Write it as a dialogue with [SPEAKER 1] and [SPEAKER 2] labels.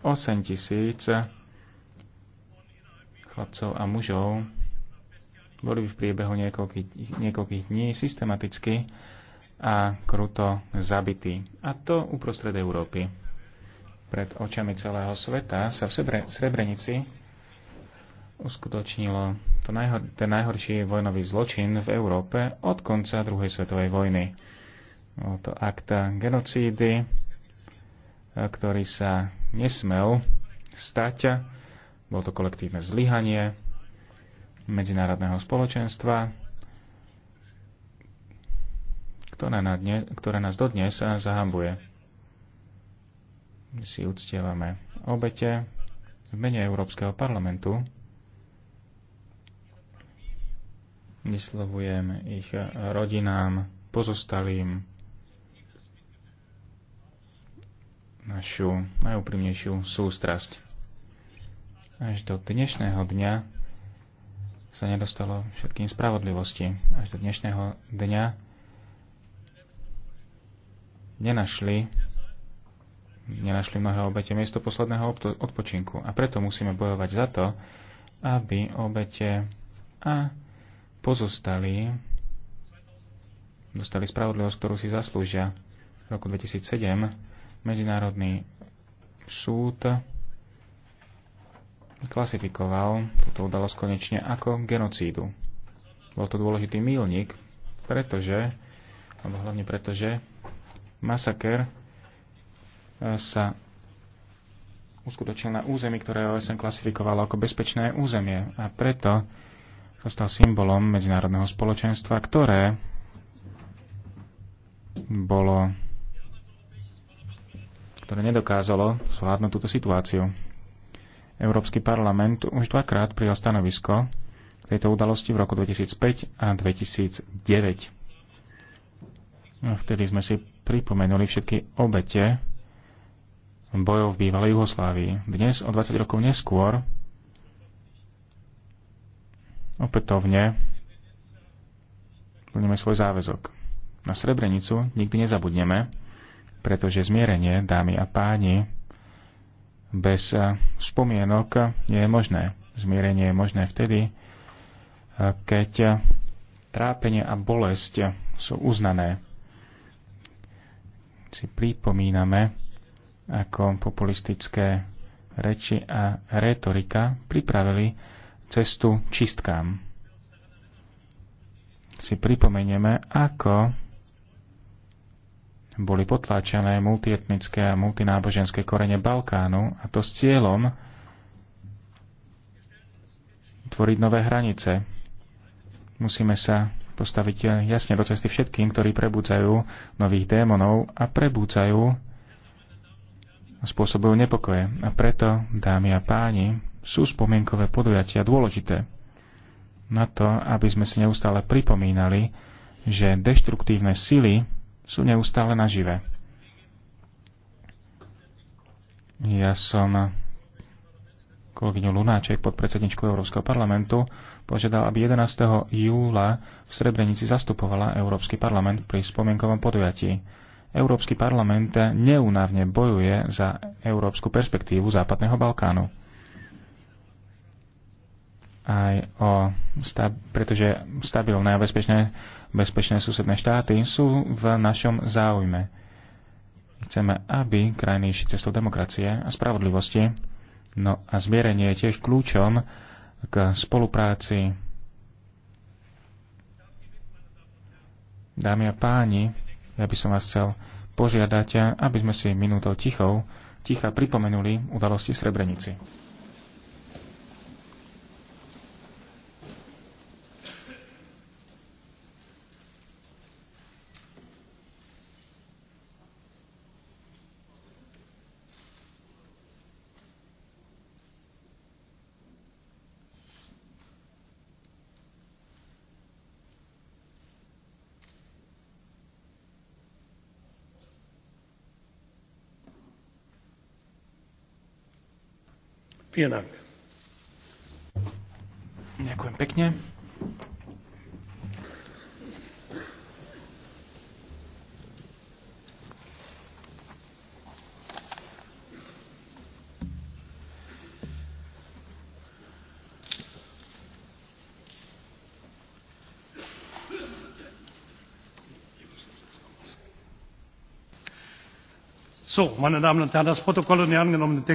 [SPEAKER 1] 8 tisíc chlapcov a mužov boli v priebehu niekoľkých, niekoľkých dní systematicky a kruto zabití. A to uprostred Európy. Pred očami celého sveta sa v Sebre, Srebrenici uskutočnilo to najhor, ten najhorší vojnový zločin v Európe od konca druhej svetovej vojny. Bol to akt genocídy, ktorý sa nesmel stať. Bolo to kolektívne zlyhanie medzinárodného spoločenstva, ktoré, na dne, ktoré nás dodnes zahambuje. My si uctievame obete v mene Európskeho parlamentu. Vyslovujem ich rodinám, pozostalým, našu najúprimnejšiu sústrasť. Až do dnešného dňa sa nedostalo všetkým spravodlivosti. Až do dnešného dňa nenašli, nenašli mnohé obete miesto posledného odpočinku. A preto musíme bojovať za to, aby obete a pozostali dostali spravodlivosť, ktorú si zaslúžia. V roku 2007 Medzinárodný súd klasifikoval túto udalosť konečne ako genocídu. Bol to dôležitý mílnik, pretože, alebo hlavne pretože, masaker e, sa uskutočil na území, ktoré OSN klasifikovalo ako bezpečné územie a preto sa stal symbolom medzinárodného spoločenstva, ktoré bolo ktoré nedokázalo zvládnuť túto situáciu. Európsky parlament už dvakrát prijal stanovisko k tejto udalosti v roku 2005 a 2009. Vtedy sme si pripomenuli všetky obete bojov v bývalej Juhoslávii. Dnes, o 20 rokov neskôr, opätovne plníme svoj záväzok. Na Srebrenicu nikdy nezabudneme pretože zmierenie, dámy a páni, bez eh, spomienok nie je možné. Zmierenie je možné vtedy, eh, keď eh, trápenie a bolesť sú uznané. Si pripomíname, ako populistické reči a retorika pripravili cestu čistkám. Si pripomenieme, ako boli potláčané multietnické a multináboženské korene Balkánu a to s cieľom tvoriť nové hranice. Musíme sa postaviť jasne do cesty všetkým, ktorí prebudzajú nových démonov a prebudzajú a spôsobujú nepokoje. A preto, dámy a páni, sú spomienkové podujatia dôležité na to, aby sme si neustále pripomínali, že deštruktívne sily sú neustále nažive. Ja som kolegyňu Lunáček, pod predsedničkou Európskeho parlamentu, požiadal, aby 11. júla v Srebrenici zastupovala Európsky parlament pri spomienkovom podujatí. Európsky parlament neúnavne bojuje za európsku perspektívu Západného Balkánu aj o stab- pretože stabilné a bezpečné, bezpečné susedné štáty sú v našom záujme. Chceme, aby krajiny išli cestou demokracie a spravodlivosti, no a zmierenie je tiež kľúčom k spolupráci. Dámy a páni, ja by som vás chcel požiadať, aby sme si minútou tichou, ticha pripomenuli udalosti Srebrenici. Vielen Dank. Ďakujem pekne. So, meine damen und herren das protokoll und die angenommenen texte werden